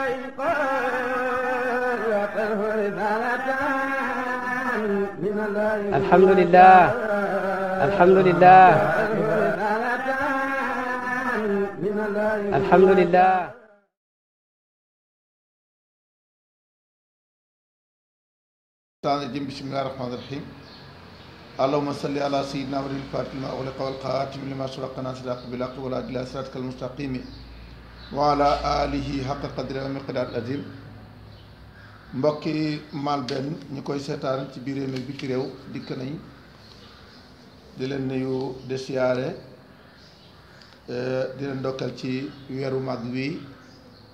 alhamdulilah alhamdulilah alhamdulilah. الشيطان الرجيم بسم الله الرحمن الرحيم اللهم صل على سيدنا ولي الفاتح لما أغلق والقاتم لما سبق ناصر بالحق والعدل صراطك المستقيم wa ala alihi xaqa qadri wa miqdaar azim mbokki Malben ñu koy seetaan ci biir réew mi biti réew dikk nañ di leen nuyu de siyaare eh, di leen ndokkeel ci weeru mag wi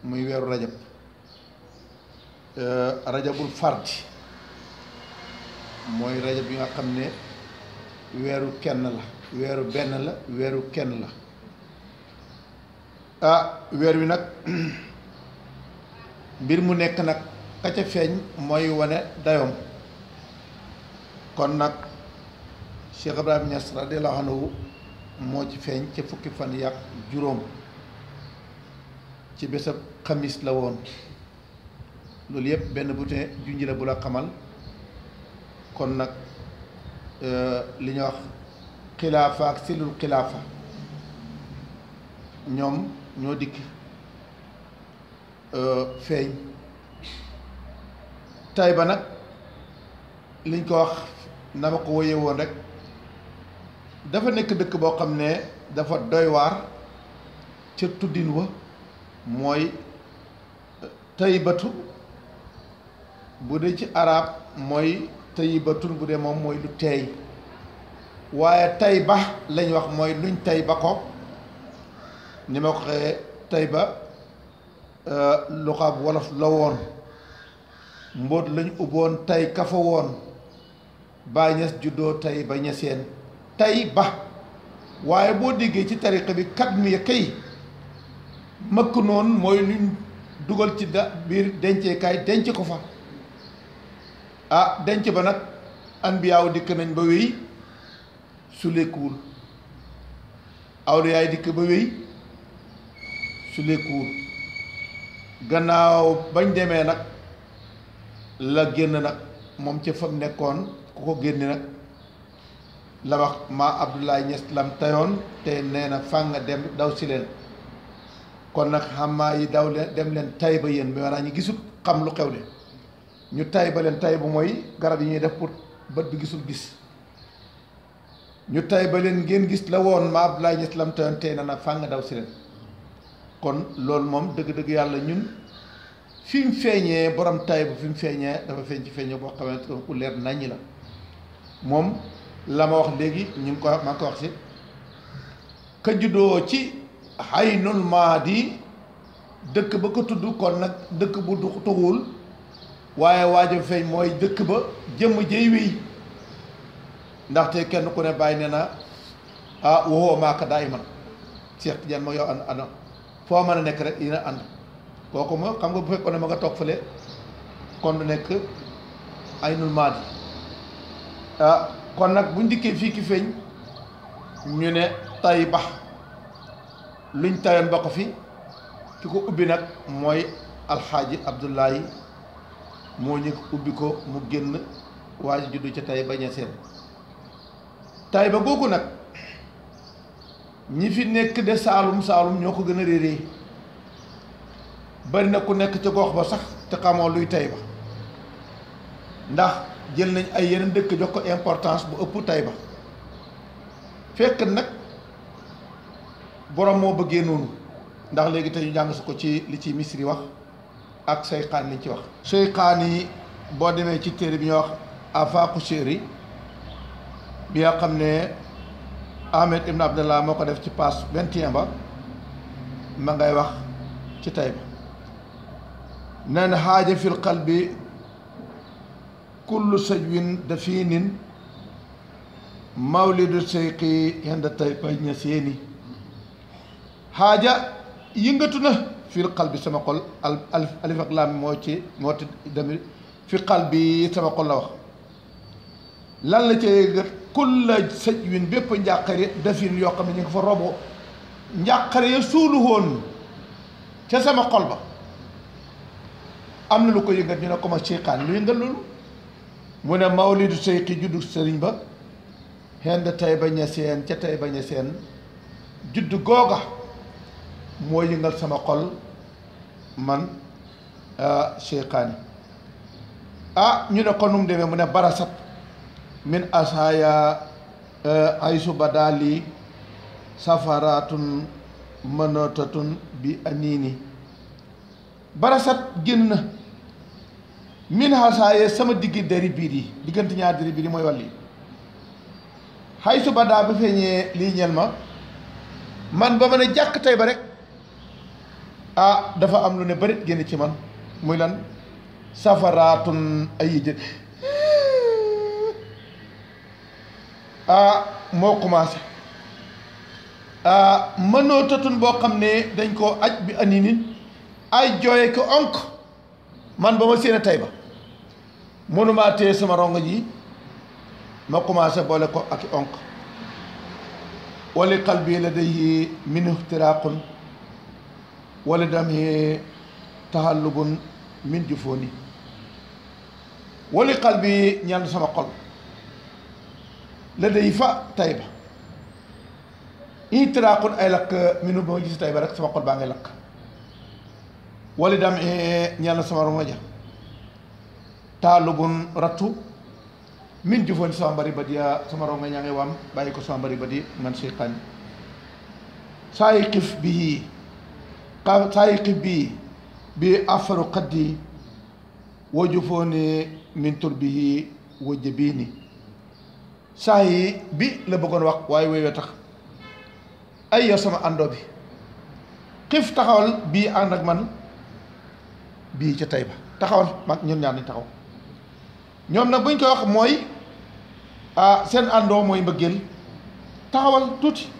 muy weeru rajab eh, rajabul fard mooy rajab bi nga xam ne weeru kenn la weeru benn la weeru kenn la ah weer wi nag mbir mu nekk nag ka ca feeñ mooy wane dayoom kon nag Cheikh Ibrahima Niass radiyallahu anhu moo ci feeñ ca fukki fan yàq juróom ci bésab xamis la woon loolu yëpp benn butin junj bu la xamal kon nag euh, li ñuy wax xilaafa ak silul xilaafa ñoom ñoo dikk euh, feeñ tay ba nag liñ ko wax na ma ko woye woon rek dafa nekk dëkk boo xam ne dafa doy waar ca tuddin wa mooy taybatu bu dee ci araab mooy tayyibatun bu dee moom mooy lu teey waaye tay ba lañ wax mooy luñ tay ba ko ni ma ko xëyee Tayba euh, lu xaab wolof la woon mbóot lañ ubboon tay ka fa woon Ñas juddoo tay ba ñaseen tay ba waaye boo déggee ci tariqa bi kat mi kay mëkk noon mooy luñ dugal ci da biir denceekaay denc ko fa ah denc ba nag anbiyaaw dikk nañ ba wéy su lekkuwul awliyaay dikk ba wéy su lekkuwul gannaaw bañ demee nag la génn nag moom ci fam nekkoon ku ko génne nag la wax maa Abdoulaye Niass lam tayoon te nee na fàng dem daw si leen kon nag xamaa yi daw leen dem leen tay ba yéen maanaam ñu gisul xam lu xew de ñu tay ba leen tay bu mooy garab yi ñuy def pour bët bi gisul gis ñu tay ba leen ngeen gis la woon maa Abdoulaye ñes lam tayoon tey na nag fàng daw si leen kon loolu moom dëgg-dëgg yàlla ñun fi feeñee borom tay bu fi feeñee dafa feeñ ci feeñoo boo xamante ku leer naññi la moom la ma wax léegi ñu ngi ko maa ka juddoo ci xaynul maadi dëkk ba ko tudd kon nag dëkk bu du tuxul waaye waajo feeñ mooy dëkk ba jëmm jëy wiy ndaxte kenn ku ne bàyyi ne na ah waxoo maaka daa iman Cheikh Tidiane ma yow ana ana foo mën a nekk rek dina ànd kooku ma xam nga bu fekkoon ne ma nga toog fale kon du nekk ay maadi ah, kon nag buñ dikkee fii ki feeñ ñu ne tay bax luñ tayoon ba ko fi ki ko ubbi nag mooy alxaaji abdullahi moo ñu ubbi ko mu génn waa ji juddu ca tay ba ña seen tay ba googu nag ñi fi nekk de saalum saalum ñoo ko gën a réeree bari na ku nekk ca gox ba sax te xamoo luy Taïba ndax jël nañ ay yeneen dëkk jox ko importance bu ëpp Taïba fekk nag borom moo bëggee noonu ndax léegi te ñu jàng su ko ci li ci misri wax ak seyxaan liñ ci wax seyxaan yi boo demee ci téere bi ñuy wax afaqu chéri bi nga xam ne Ahmed Ibn Abdallah moo ko def ci passe 21 ba ma ngay wax ci tay ba nee na xaaja fil qalbi kullu sajwin dafinin mawlidu seyqi henda tay ba ñaseeni xaaja yëngatu na fil qalbi sama xol alif ak laam moo ci moo ti demit fi qalbi sama xol la wax lan la ca yëgat kulla sëj win bépp njàqare dafin yoo xam ne ñu nga fa robo njàqare ya suulu woon ca sama xol ba am na lu ko yëngat ñu ne ko ma seyxaan lu yëngal loolu mu ne mawlidu seyxi juddu sëriñ ba xend tay ba ñeseen ca tay ba ñeseen juddu googa moo yëngal sama xol man seyxaani ah, ah ñu ne ko num demee mu ne barasat min asaya eh, aysu badali safaratun mënotatun bi anini barasat génn na min hasaaye sama digg dari biir yi diggante ñaar dari biir yi mooy wàlli xay su badaa ba feeñee lii ñel ma man ba ma ne jàkk tey ba rek ah dafa am lu ne bërit génn ci man muy lan safaraatun ay jë ah moo commencé ah mënoo tatun boo xam ne dañ koo aj bi andi nit ay jooye ko onk man ba ma séen tey ba mënumaa téye sama rongo ji ma commencé boole ko ak onk wali qalbi ladayhi min ihtiraqun wali damhi tahallubun min jufooni wali bi ñaan sama xol لدي فا طيبة إي تراقل أي لك منو بوجيس طيبة رك سما قل باغي لك ولي دام إيه نيالا سما رمجا تالوغون رتو min jufoni sambari badiya samaronga ñange wam ɓayi ko sambari badi man siqani sayi qif bihi sayi qif bihi bi afaru qaddi wo jufoni min turbihi wo jabini saa yi bi la bëggoon wax waaye woy tax ay yow sama àndoo bi xiif taxawal bii ànd ak man bii ca tey ba taxawal mag ñun ñaar nañ taxaw ñoom nag buñ ko wax mooy seen àndoo mooy mbëggeel taxawal tuuti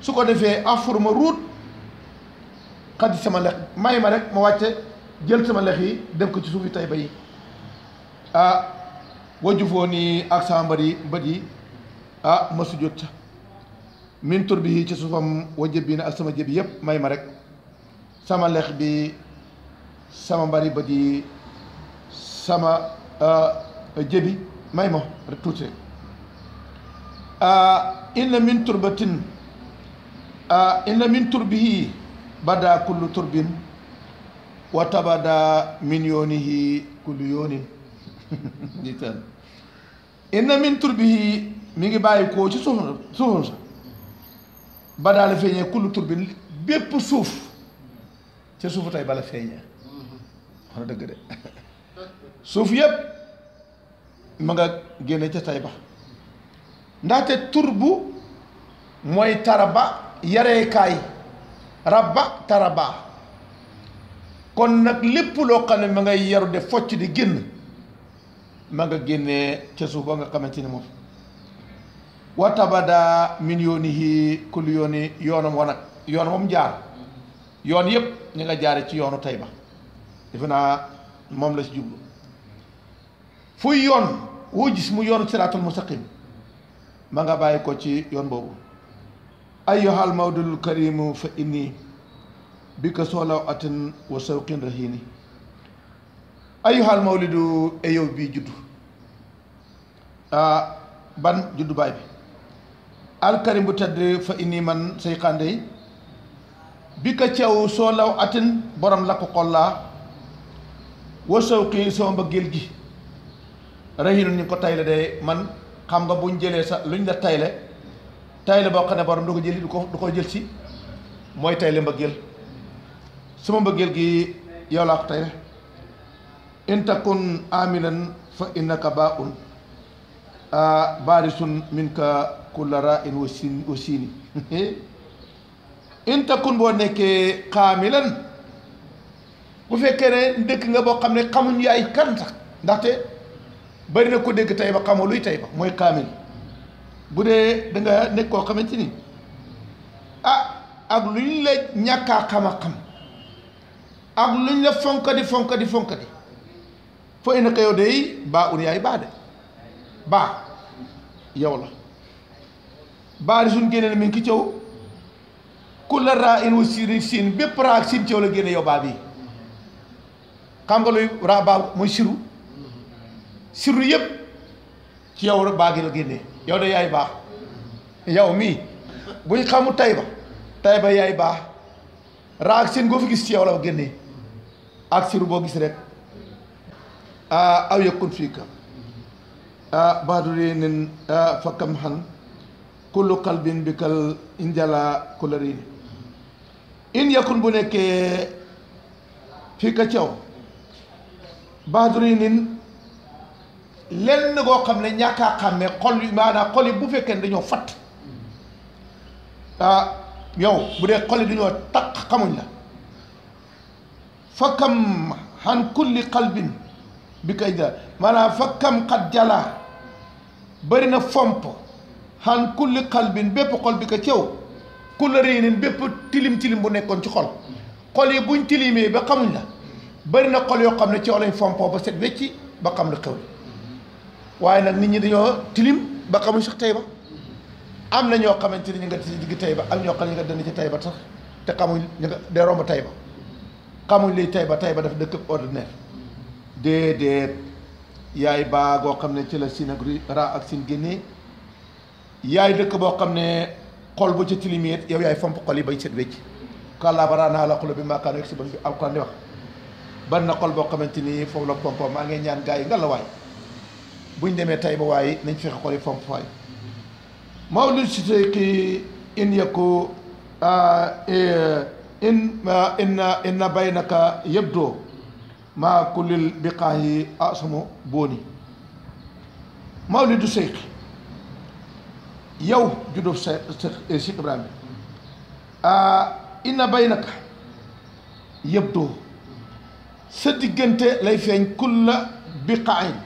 su ko defee afur ma ruut xaddi sama lex may ma rek ma wàcce jël sama lex yi dem ko ci suufi tey ba yi wajjufoo nii ak sama mbët yi mbët yi ah ma sujjut min tur bi ci suufam wajjëb na ak sama jëb yëpp may ma rek sama lex bi sama mbari bët sama jëbi may ma rek tuuti rek inna min turbatin inna min bada kullu turbin wa tabada min yoonihi kullu yoonin di teel inna min turbihi ngi bàyyi koo ci suuf suufam sa ba daal feeñee kullu turbin bépp suuf ca suufu tey bala feeñee wax na dëgg de suuf yépp ma nga génne ca tey ba ndaxte turbu mooy taraba yareekaay rabba taraba kon nag lépp loo xam ne ma ngay yaru de focc di génn ma nga génnee ca ba nga xamante ni moom wa tabada min yoonihi kulli yooni yoonam wa nag moom jaar yoon yëpp ñu nga jaare ci yoonu Tayba defe naa moom la si jublu fuy yoon woo gis mu yoonu siraatul mustaqim ma nga bàyyi ko ci yoon boobu ayyuhal mawdul karimu fa inni bi ka soolaw atin wa sawqin rahini ayyuhal mawlidu e yow juddu ah, ban juddu baay bi alkarim bu tedd fa inni man say xàndeey bi ka ceew soo law atin borom lakk xollaa wa sawqi soo mbëggeel gi rahinu ñu ko tayle de man xam nga buñ jëlee sa luñ la tayle tayle boo xam ne borom du ko jëli du ko du ko jël si mooy tayle mbëggeel suma mbëggeel gi yow laa ko tayle in takun aminan fa innaka baaun baarisun minka kulla rain wa sin wa siini boo nekkee xaamilan bu fekkee ne dëkk nga boo xam ne xamuñ yaay kan sax ndaxte bari na ko dégg tey ba xamoo luy mooy kaamil bu dee danga nga nekk koo xamante ni ah ak lu ñu la ñàkkaa xam a xam ak lu ñu fonka di fonka di fonka di fa ina xew dey baa un yaay baa de baa yow la baa di suñ génnee mi ngi ki cëw ku la raa in wa siin siin bépp raa ak siin cëw la yëpp ci yow baa gi la génnee yow de yaay baa yow mii buñ xamu tay ba tay ba yaay baa raa ak siin goo fi gis ci yow la génnee ak siru boo gis rek aw yakun fiika baadurinin fa kam han kullu qalbin bi kal injala kularini in yakun bu nekkee fiika caw baadurinin lenn koo xam ne ñàkk a xàmme xol yi maanaam xol yi bu fekkee ne dañoo fatt ah bu dee xol yi dañoo takk xamuñ la fa kam han kulli qalbin bi kay da maanaam fa kam xat jalaa bëri na fomp xan kulli xalbin bépp xol bi ko cew kulla réynin bépp tilim tilim bu nekkoon ci xol xol yi buñ tilimee ba xamuñ la bëri na xol yoo xam ne ci cew lañ fompoo ba set wecci ba xam lu xew li waaye nag nit ñi dañoo tilim ba xamuñ sax tey ba am na ñoo xamante ni ñu nga ci digg tey ba am ñoo xam ne ñu nga dënd ci tey ba sax te xamuñ ñu nga de tey ba xamuñ liy tey ba tey ba daf dëkk ordinaire déedéet yaay baa goo xam ne ci la sin ak ra ak sin génnee yaay dëkk boo xam ne xol bu ci tilimit yow yaay fomp xol yi bañ set wecc kàllaa bara naa la xolo bi maakaan rek si ba bi alquran wax ban na xol boo xamante ni foofu la pompo maa ngi ñaan gars yi nga la waay buñ demee tay ba waaye nañ fexe xol yi fomp waay mawlid si teyki in yëkku ah, eh, in ah, in na baynaka yëpp doo maa kullil biqaahi asuma booni mawlidu Seex yow juddoo Seex Seex Ibrahima inna baynaka yabdoo sa diggante lay feeñ kulla biqaain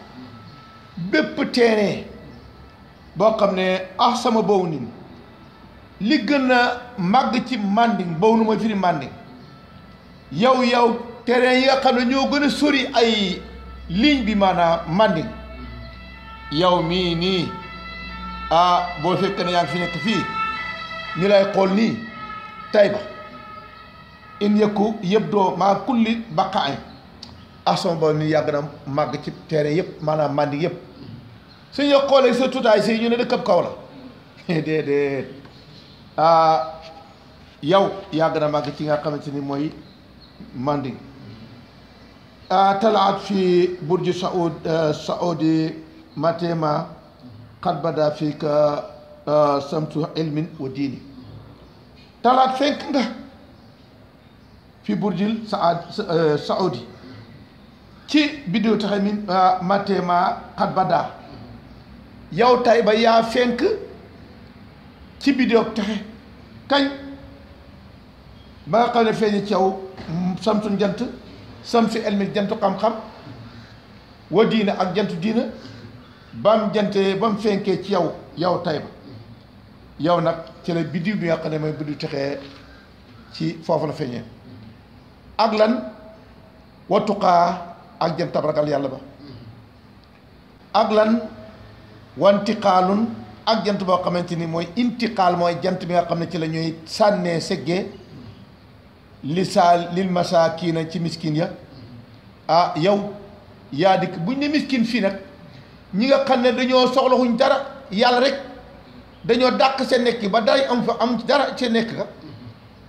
bépp teenee boo xam ne asama boobu nin li gën a màgg ci mànding boobu nu mooy firi mànding yow yow terrain yi nga xam ne ñoo gën a sori ay ligne bi maanaam Manding yow mii nii ah boo fekkee ne yaa ngi fi nekk fii ñu lay xool nii Tayba in yëkku yëpp doo maa kulli baqa añ ason ba ni yàgg na màgg ci terrain yëpp maanaam Manding yëpp su ñu xoolee sa tutaay si ñu ne dëkkab kaw la déedéet ah yow yàgg na màgg ci nga xamante ni mooy Manding طلعت في برج سعود السعودي ماتيما قد بدا فيك سمت علم ودين طلعت فيك في برج السعودي ci biddiw taxe mi ah, matema xat badaa yow tay ba yaa fenk ci biddiw taxe kañ ba nga xam ne feeñi ci yow mm, samsun samsi elmi jantu xam-xam wa diina ak jant diina bam jantee ba mu fenkee ci yow yow Tayba yow nag ci la biddiw bi nga xam ne mooy biddiw texee ci foofu la feeñee ak lan wa tuqaa ak jant ragal yàlla ba ak lan wantiqaalun ak jant boo xamante ni mooy intiqaal mooy jant bi nga xam ne ci la ñuy sànnee seggee li saa lil masaakiina ci miskin ya ah yow yaa dikk buñ ne miskin fii nag ñi nga xam ne dañoo soxlawuñ dara yàlla rek dañoo dàq seen nekk ba day am fa am dara seen nekk ka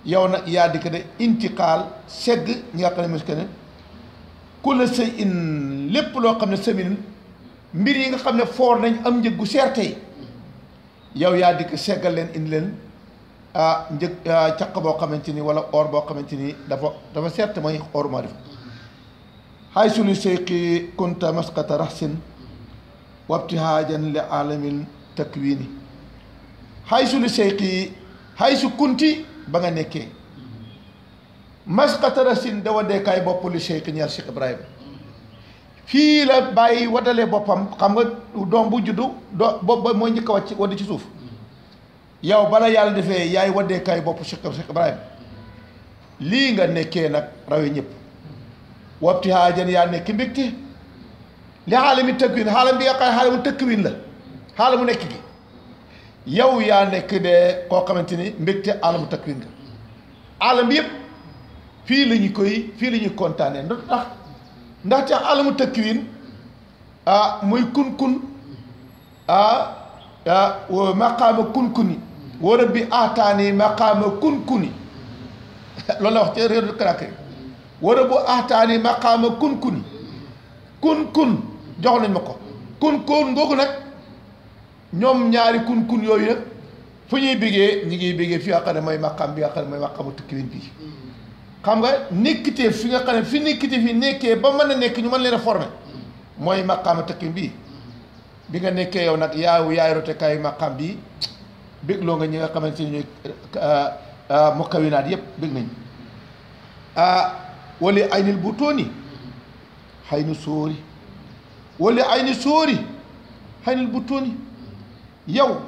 yow nag yaa dikk de intiqaal segg ñi nga xam ne miskin ne ku la sëy in lépp loo xam ne seminin mbir yi nga xam ne foor nañ am njëg gu seer tey yow yaa dikk seggal leen indi leen Ah, njëg ah, caq boo xamante ni wala or boo xamante ni dafa dafa sert mooy or maarifa xay sulu seyqi kunta maskata raxsin wabtihaajan li alamin takwini xay sulu seyqi xay su kunti ba nga nekkee maskata raxsin da waddeekaay bopp lu seyqi ñeel Cheikh Ibrahima fii la bàyyi wadalee boppam xam nga doom bu juddu doo bopp ba mooy njëkk a wàcc wadd ci suuf yow bala yàlla defee yaay waddeekaay bopp Cheikh Cheikh Ibrahima lii nga nekkee nag rawe ñëpp wabti haajan yaa nekk mbégte li xaalami tëkkwin xaalam bi nga xam ne xaalamu tëkkwin la xaalamu nekk yow yaa nekk de koo xamante ni mbégte alamu tëkkwin nga alam bi yëpp fii lañu koy fii la ñuy kontaanee ndax ndaxte alamu tëkkwin ah muy kun kun ah ah maqaama kun kun wa rabbi aataani maqaama kunkuni loolu la wax ca réeru Conakry wa rabbu aataani maqaama kunkuni kun kun jox nañ ma ko kun kun ngoogu nag ñoom ñaari kun kun yooyu nag fu ñuy bigee ñi ngiy bigee fi nga xam ne mooy maqaam bi nga xam ne mooy xam nga nekkitee fi nga xam ne fi nekkitee fi nekkee ba mën a nekk ñu mën leen a former mooy maqaamu tukkiwin bii bi nga nekkee yow nag yaaw yaay rotekaayu maqaam bii bégloo nga ñi nga xamante ne ñooy ah, ah, mukawinaat yëpp bég nañ ah, wali aynil butooni xay nu sóori wali ayni sóori xay nil butooni yow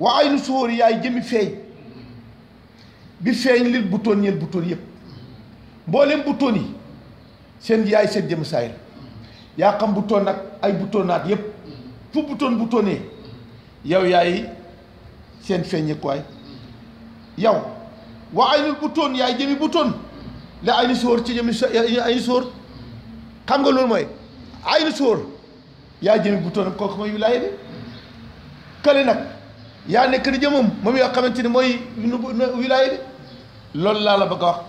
wa aynu sóori yaay jëmi feeñ bi feeñ lil butoon ñeel butoon yëpp mboolem butoon yi seen yaay seen jëmi saayir yaa xam butoon nag ay butoonaat yëpp fu butoon butoonee yow yaay seen feeñekuwaay yow wa aynul butoon yaay jëmi butoon la aynu sóor ci jëmi aynu sóor xam nga loolu mooy aynu sóor yaa jëmi butoon kooku mooy wilaaya bi kële nag yaa nekk di jëmam moom yoo xamante ni mooy wilaaya bi loolu laa la bëgg a wax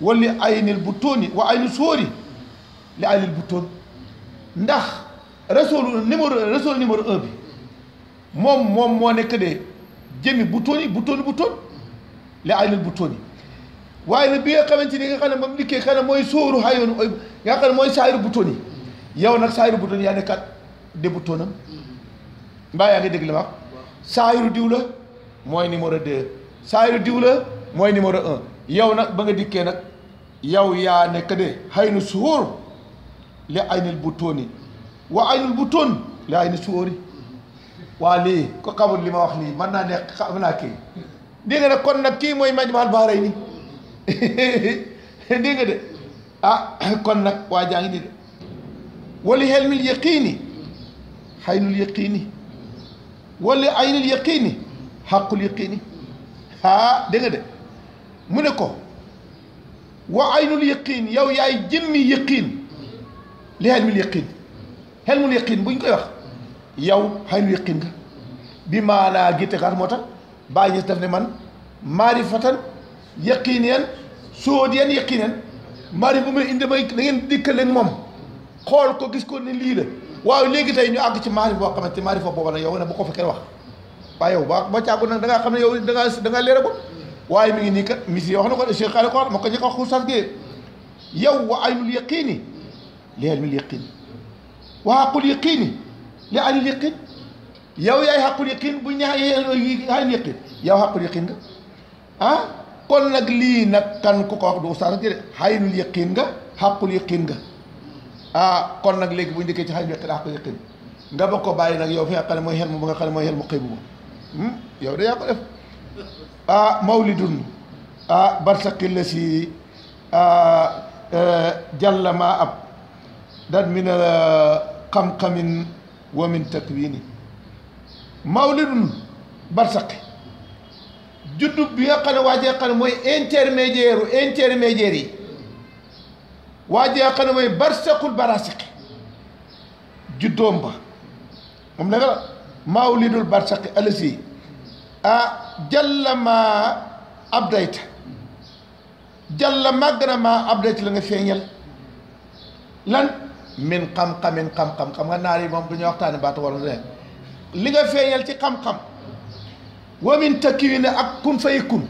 wali aynil butoon yi wa aynu sóor yi li aynil butoon ndax rasoolu numéro rasoolu numéro un bi moom moom moo nekk de jëmi bu tóoni bu tóoni bu tóon li ay nal bu tóoni waaye nag bi nga xamante ni nga xam ne moom liggéey xam ne mooy sóoru xayoon nga xam ne mooy saayiru bu tóoni yow nag saayiru bu ton yaa nekkat de bu tóonam mbaa diw la mooy numéro deux saayiru diw la mooy numéro yow nag ba nga dikkee nag yow yaa nekk de xay na suhóor li aynal bu tóoni wa aynal bu tóon li ay na waa lii ko xamul li ma wax lii man naa nekk xam naa kii dégg nga kon nag kii mooy Majmahul Bahrayni dégg nga de ah kon nag waa jaa ngi nii de wali helmil yaqiini xaynul yaqiini wali aynul yaqiini xaqul yaqiini ah, ne ko wa aynul yaqiin yow yaay jëmmi buñ koy wax. yow xayru yëqin nga bi maanaa gitte kaat moo tax bàyyi def ne man maarifatan yaqiiniyan sóodiyan yaqiiniyan maarif bu muy indi ma may da ngeen dikkal leen moom xool ko gis ko ne lii la waaw léegi tey ñu àgg ci maarif boo xamante maarif boobu nag yow nga ne bu ko fa kenn wax waaye yow ba ba càggu nag da ngaa xam ne yow da ngaa da ngaa leer a waaye mi ngi nii kat misi wax na ko Cheikh Khali Kouar moo ko njëkk a xuusas gi yow wa aynul yaqiini li ilmil yaqiin wa aqul yaqiini li anil yaqin yow yaay xaqul yaqin bu ñax yi anil yaqin xaqul yaqin nga ah nag lii nag kan ku ko wax du ustaas jëre xaynul yaqin nga xaqul yaqin nga ah kon nag léegi bu ñu dikkee ci xaynul a xaqul yaqin nga ba ko bàyyi nag yow fi nga mooy xel mu ba nga xam ne mooy xel mu xëy bu ma hmm? yow de yaa ko def ah mawlidun ah barsaqil la ah, eh, jàll maa ab dat mi na eh, xam-xamin wa min takwini mawlidun juddu bi nga xam ne waa ji nga xam ne mooy intermédiaire intermédiaire yi waa ji nga xam ne mooy barsaqul barasaqi juddoom ba moom nag la mawlidul barsaqi alasi ah jàlla maa abdayta jàlla màgg na maa abdayta la nga feeñal min xam-xamin xam-xam nga naar yi moom du ñu waxtaane baatu wala leneen li nga feeñal ci xam-xam wa min takwin ak kun fay kun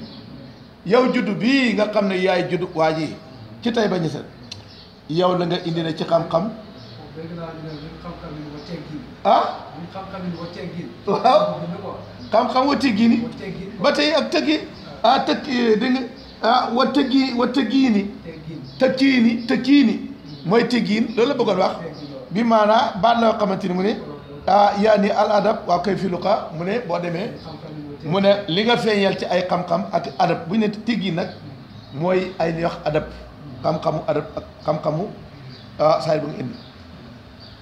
yow juddu bii nga xam ne yaay juddu waa ji ci tey ba ñu set yow la nga indi ne ci xam-xam ah waaw xam-xam wa teggiini ba tey ak tëggi ah tëgg ah, wa tëggi wa tëggiini tëggiini tëggiini mooy teggiin loolu la bëggoon wax bi maanaa baat la xamante ni mu ne ah al adab waaw kay filuka mu ne boo demee mu ne li nga feeñal ci ay xam-xam ak adab bu ñu ne teggiin nag mooy ay li wax adab xam-xamu adab ak xam-xamu saay bu nga indi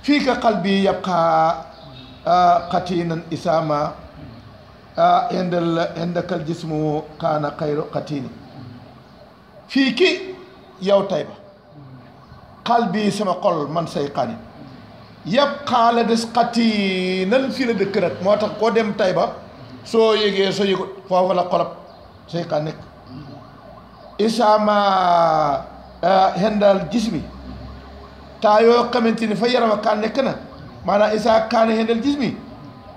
fii ki yow tey ba xaal bii sama xol man say xaani yëpp xaala des xati nan fii la dëkk nag moo tax koo dem tay ba soo yëgee soo yëgut foofu la xolab say xaan nekk isaama ah, hendal gis mi taa yoo xamante ni fa yarama kaan nekk na maanaam isaa kaane hendal gis mi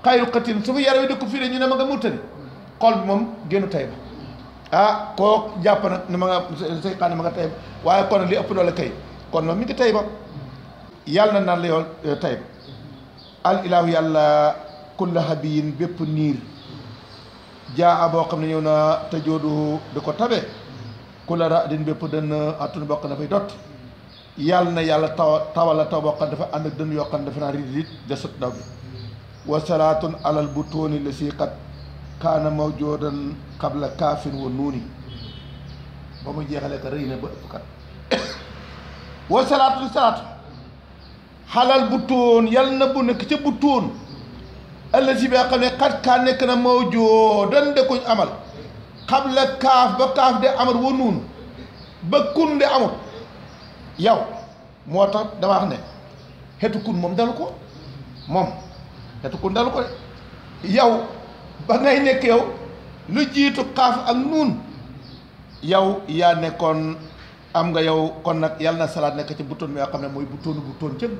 xayru xatin su fa yarami dëkk fii la ñu ne ma nga murtani xol bi moom génnu tay ba ah koo jàpp nag ne ma nga say xaan ma nga tay ba waaye kon li ëpp doole kay kon nag na naan la yow euh, Tayba yàlla kulla habiyin bépp niir jaa boo xam ne ñëw na te joodu di ko tabe kulla raadin bépp dënn atun bokk na fay dot yàlla na yàlla taw tawala taw boo xam dafa ànd ak dënn yoo xam dafa naa rid rit de sut daw wa salaatun alal bu tóoni la si kat kaana mawjoodan qabla kaafin wa nuuni ba mu jeexalee ko rëy na ba ëpp kat wa salaatu salaatu xalal bu tóon yàlla na bu nekk ca bu tóon ëllëg bi nga xam ne xat kaa nekk na moo joo dan de koñ amal xam kaaf ba kaaf de amat wa nuun ba kun de amut yow moo tax dama wax ne xetu kun moom dalu ko moom xetu kun dalu ko de ba ngay nekk lu jiitu kaaf ak nuun yow yaa nekkoon am nga yow kon nag yàlla na salaat nekk ci buttoon bi nga xam ne mooy buttoonu buttoon cëb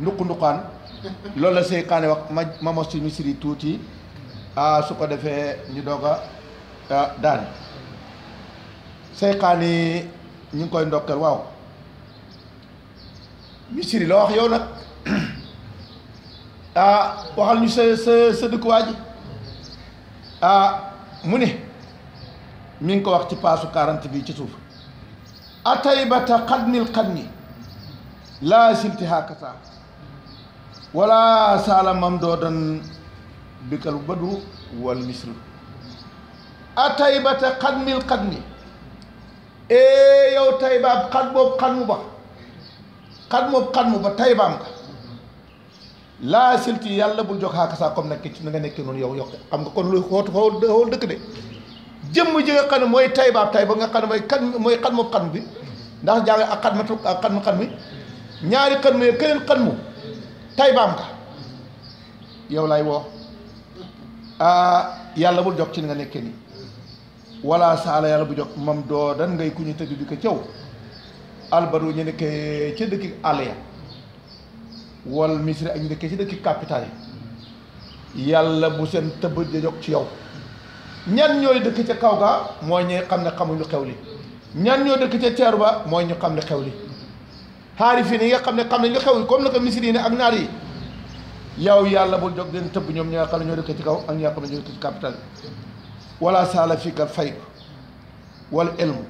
nduqu nduqaan loolu la wax ma ma mos ci misiri tuuti ah su ko defee ñu doog a ah, daan seykaane ñu ngi koy ndokkeel waaw misiri la wax yow nag ah waxal ñu sa sa sa dëkkuwaay ji ah, mu ne mi ngi ko wax ci paasu 40 bi ci suuf ataybata xadnil xadni laa simti hakata wala sala mamdoodan bikal badu wal misru ataybata xadnil xadni ee yow taybaab xat boobu xadmu ba xat moobu xadmu ba taybaam nga laa silti yàlla bul jox hakasa comme nekk ci na nga nekkee noonu yow yokke xam nga kon lu xootu dëkk de jëmm ji nga xam ne mooy taybaab tay ba nga xam ne mooy xat mooy xat moobu xadmu bi ndax jàng ak xatmatu ak xatmu xatmi ñaari xatmu ye keneen yow lay woo ah, yàlla bul jog ci li nga nekkee nii wala saala yàlla bu jog moom doo dan ngay ku ñu tëdd di ko caw albaru ñu nekkee ca dëkki àll ya wal misri ak ñu nekkee ci dëkki capital yi yàlla bu seen tëb di jog ci yow ñan ñooy dëkk ca kaw ga mooy ñee xam ne xamuñu xew li ñan ñoo dëkk ca teeru ba mooy ñu xam ne xew li xaarif yi ni nga xam ne xam nañ ñu xew li comme naka misir yi ne ak naar yi yow yàlla bul jóg den tëbb ñoom ñi nga xam ne ñoo dëkk ci kaw ak ñi nga xam ne ñoo dëkk ci capital bi wala saala fiikal fay wal ilmu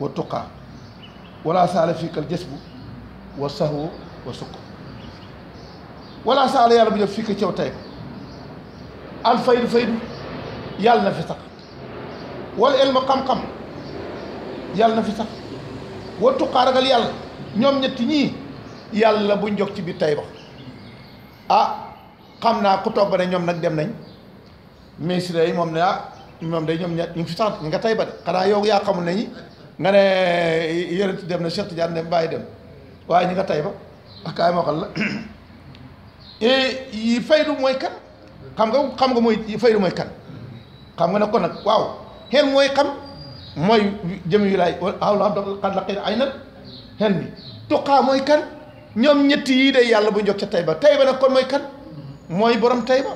wa tuqaa wala saala fiikal jësbu wa saxwu wa sukk wala saala yàlla bu jóg fii ka cew tay al faydu faydu yàlla na fi sax wal xam-xam yàlla na fi sax wa tuqaa yàlla ñoom ñetti ñii yàlla buñ jóg ci biir Taïba ah xam naa ku toog ba ne ñoom nag dem nañ ministre yi moom ne ah moom day ñoom ñett ñu ngi fi sax ñu nga Taïba de xanaa yow yaa xamul nañi nga ne yonent dem na Cheikh Tidiane dem bàyyi dem waaye ñu nga Taïba akaay ah, ma waxal la eh, yi faydu mooy kan xam nga xam nga mooy faydu mooy kan xam nga ne kon nag waaw xel mooy xam mooy jëm yu laay awla xad la xëy na ay na xen bi tuqaa mooy kan ñoom ñetti yii day yàlla buñ jóg ca Tayba ba nag kon mooy kan mooy borom Tayba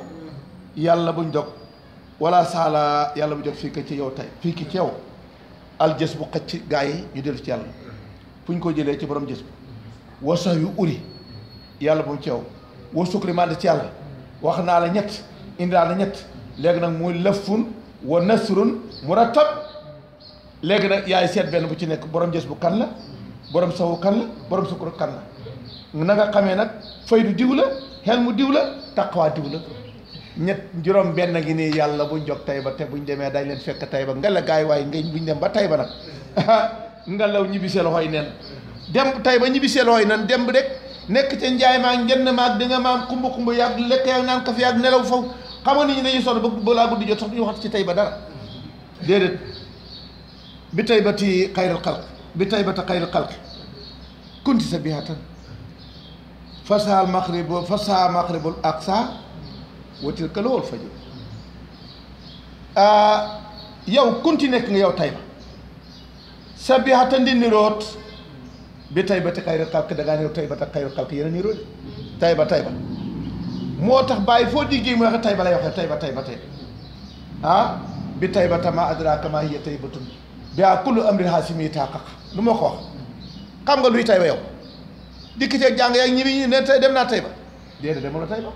yàlla buñ jóg wala saala yàlla bu jot fii ko ci yow tay fii ki ci yow bu xëcc gaa yi ñu dellu ci yàlla fu ñu ko jëlee ci borom jës bu wasax yu uri yàlla bu mu ci yow wa sukri mànd ci yàlla wax naa la ñett indi naa la ñett léegi nag muy lëfun wa nasrun murattab léegi nag yaay seet benn bu ci nekk boroom jës bu kan la boroom sawu kan la borom sukkur kan la na nga xamee nag faydu diw la xel mu diw la taqwaa diw la ñett juróom benn gi nii yàlla buñ jog tay ba te bu buñ demee dañ leen fekk tay ba nga la gaay waaye nga buñ dem ba tay ba nag ngelaw ñibbisee loxoy nen dem tay ba ñibbisee loxoy nen dem rek nekk ca njaay maag njënd maag di nga maam kumba kumba yàgg lekk yàgg naan kafe yàgg nelaw faw xam nga nit ñi dañuy sonn ba laa guddi jot sax duñu waxat ci tay ba dara bi taybati xayril xalq bi taybata xayril xalq kunti sabihatan fasaa maxribu fasaa maxribul aqsa wa tilka lawal fajr ah, yow kunti nekk nga yow tayba sabihatan di niroot bi taybati xayril xalq da ngaa niroot taybata xayril xalq yéen niroot tayba tayba moo tax bàyyi foo diggee mu waxe tayba lay waxee tayba tayba tayba ah bi taybata ma adraka ma hiya taybatun yaa am amrin haasimi taaqaq lu ma ko wax xam nga luy tay ba yow dikk ceeg jàng yaa ñi ne tey dem naa tay ba de demul tay ba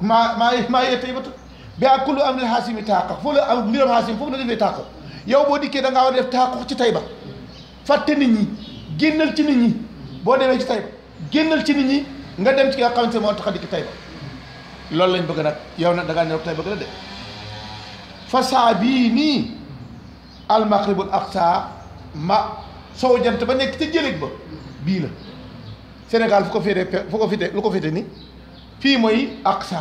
maa maa maa yee tay ba tut yaa am amrin haasimi taaqaq foofu la am mbiram haasim foofu la defee taaqo yow boo dikkee da ngaa war a def taaqo ci tay ba fàtte nit ñi génnal ci nit ñi boo demee ci tay génnal ci nit ñi nga dem ci nga xamante moo tax a dikk tay ba loolu lañ bëgg nag yow nag da ngaa ne tay ba gën a de fasaa bii nii almaqribul aqsa ma sow jant ba nekk ci jëlit ba bii la Sénégal fu ko féete fu ko féete lu ko féete ni fii mooy aksa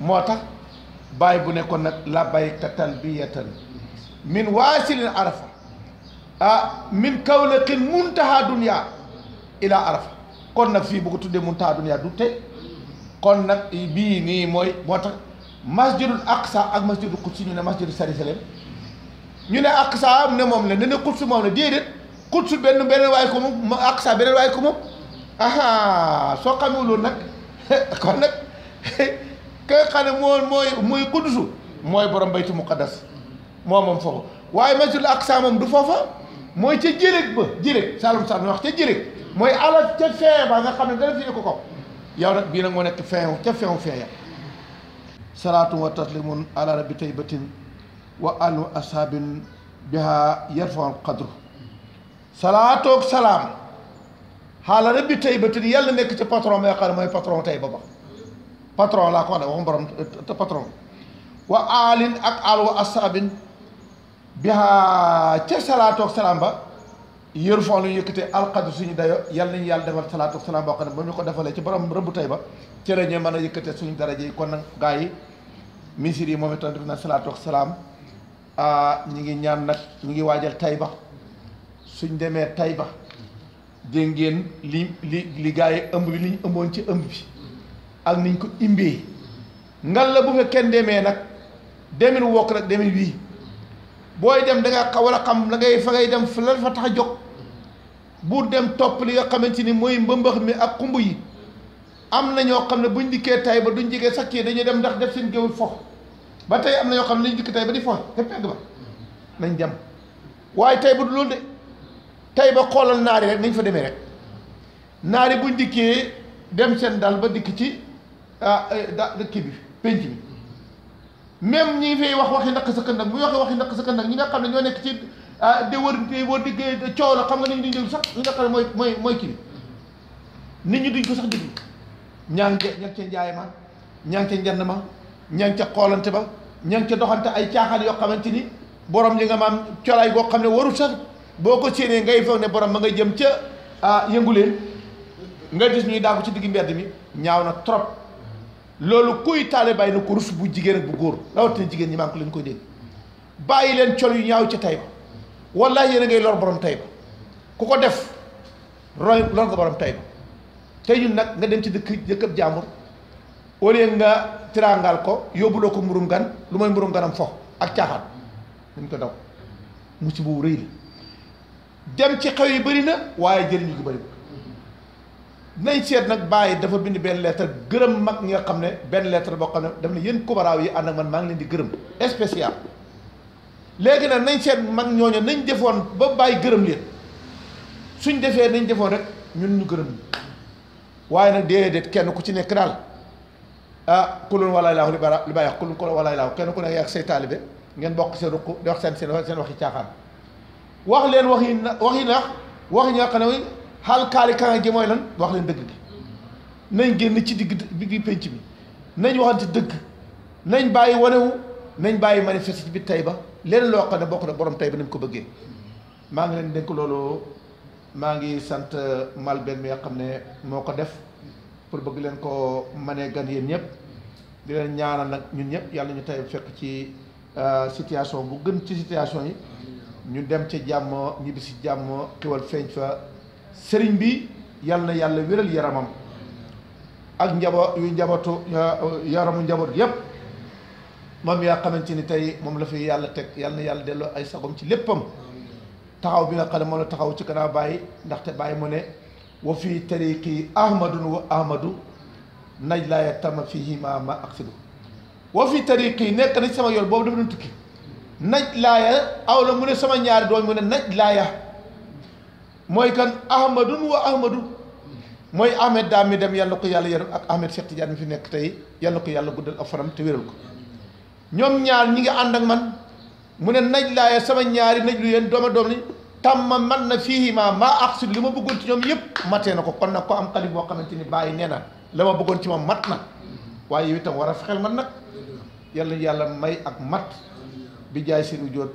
moo tax bàyyi bu nekkoon nag labbayka talbiyatan min waasilin arafa ah min kawlaqin muntaha dunya ila arafa kon nag fii bu ko tuddee muntaha dunya du tey kon nag bii nii mooy moo tax masjidul aqsa ak masjidul si ñu ne masjidul sarisalem ñu ne Aqsa am ne moom la ne ne Quds moom la déedéet Quds benn beneen waay ko moom Aqsa beneen waay ko moom soo xamee loolu nag ko nag ka xam ne moo mooy mooy Quds mooy borom baytu moo moom foofu waaye masjidul Aqsa moom du foofa mooy ca jërég ba jërég Saloum Saloum wax ca jërég mooy alal ca fin ba nga xam ne dana fi ko ko yow nag bii nag moo nekk fin ca fin fin ya salaatu wa taslimun ala wa alu asabin biha yarfaul qadru salaatoog salaam xaala rabbi tay ba tin yàlla nekk ci patron may xam mooy patron tay ba ba patron laa ko wax ne waxum borom patron wa alin ak al wa asabin biha ca salaatoog salaam ba yër fon lu ñu yëkkatee alqadr suñu dayo yal nañu yàlla defal salaatu salaam boo xam ne ba ñu ko defalee ci borom rëbb tey ba ci la mën a yëkkatee suñu dara yi kon nag gaa yi misir yi moom itam na salaatu wa ñu ngi ñaan nag ñi ngi waajal Taïba suñ demee Taïba dégg ngeen li li li gars ëmb bi li ñu ëmboon ci ëmb bi ak niñ ko imbee ngal la bu nga kenn demee nag demin wokk nag demin wii booy dem da nga war a xam la ngay fa ngay dem fa fa tax a jóg bu dem topp li nga xamante ni mooy mbëmbax mi ak xumb yi am na ñoo xam ne buñ dikkee ba duñ jege sax kii dañuy dem ndax def seen géwul foofu ba tey am na yoo xam ne liñ dikk tey ba di fooy ba nañ dem waaye tey ba loolu de tey ba xoolal naari rek nañ fa demee rek naari buñ dikkee dem seen dal ba dikk ci ah eh, da kii bi penc bi même ñi wax waxi ndaq sa këndang bu ñu waxee waxi ndaq sa këndang ñi nga xam ne ñoo nekk ci ah di wër di wër xam nga nañ duñ déglu sax li mooy mooy mooy kii bi nit ñi duñ ko sax déglu ñaa ngi ña ca njaay ma ñaa ngi ca njënd ma ñaa ngi ca xoolante ba ñan ca doxante ay caaxaan yoo xamante ni borom ñi nga maam colaay goo xam ne waru sax boo ko séenee ngay foog ne borom ma nga jëm ca ah yëngu leen nga gis ñuy daagu ci digg mbedd mi ñaaw na trop loolu kuy taale bàyyi na ko bu jigéen ak bu góor rawatina jigéen ñi maa ngi leen koy dégg bàyyi leen col yu ñaaw ca Taïba wallaahi yéen a ngay lor borom Taïba ku ko def roy lor nga borom Taïba tey ñun nag nga dem ci dëkk dëkkab jaambur au lieu nga tiraangal ko yóbbuloo ko mburum gan lu mooy mburum ganam fo ak caaxaan dañ ko daw musiba bu rëy dem ci xew yi bëri na waaye jëriñu gi bëri nañ seet nag bàyyi dafa bind benn lettre gërëm mag ñi nga xam ne benn lettre boo xam ne daf ne yéen kubaraaw yi ànd ak man maa ngi leen di gërëm spécial léegi nag nañ seet mag ñooñu nañ defoon ba bàyyi gërëm leen suñ defee nañ defoon rek ñun ñu gërëm waaye nag déedéet kenn ku ci nekk daal ah kulul walaay laahu li bara li bàyyi kulul kulul walaay laahu kenn ku nekk ak say taalibe ngeen bokk seen ruq di wax seen seen seen waxi caaxaan wax leen wax yi na wax yi nax wax ñoo xam ne xaal kaali kan ji mooy lan wax leen dëgg gi nañ génn ci digg digg pénc bi nañ waxante dëgg nañ bàyyi wanewu nañ bàyyi manifeste ci biir tey ba leen loo xam ne bokk na borom tey ba nañ ko bëggee maa ngi leen dénk loolu maa ngi sant euh, Malben mi nga xam ne moo ko def pour bëgg leen ko mënee gan yéen ñëpp di leen ñaanal nag ñun ñëpp yàlla ñu tay fekk ci euh, situation bu gën ci situation yi ñu dem ci jàmm ñibbi si jàmm xiwal feeñ fa sëriñ bi yàlla na yàlla wéral yaramam ak njaboot yu njabootu euh, yaramu njaboot yëpp moom yaa xamante ni tey moom la fi yàlla teg yàlla na yàlla delloo ay sagom ci léppam taxaw bi nga xam moom la taxaw ci kanam bàyyi ndaxte bàyyi mu ne wa fi tariqi ahmadun wa ahmadu naj laa yattama fihima ma aqsidu wa fi tariqi nekk na ci sama yoon boobu dafa doon tukki naj laaya aw la mu ne sama ñaari doom mu ne naj laaya mooy kan ahmadun wa ahmadu mooy ahmed daa mi dem yàlla ko yàlla yaram ak ahmed Cheikh Tidiane mi fi nekk tey yàlla ko yàlla guddal ak fanam te wéral ko ñoom ñaar ñi ngi ànd ak man mu ne naj laaya sama ñaari naj lu yéen dooma doom lañ tamma man na fiihima maa axsid li ma bëggoon ci ñoom yëpp matee na ko kon nag ko am xalif boo xamante ni bàyyi nee na la ma bëggoon ci moom mat na waaye yow itam war a fexeel man nag yàlla yàlla may ak mat bi jaay seen ujoot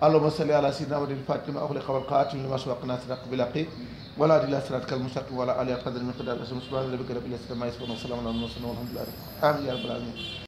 allahumma salli ala sayyidina Muhammadin al-faatihi limaa ughliqa wal xaatimi limaa sabaqa naasiril haqqi bil haqqi wa laa ilaaha illaa siraatika al-mustaqiim wa alaa aalihi haqqa qadrihi wa miqdaarihi al-aziim subhaana rabbika rabbil izzati ammaa yasifuun wa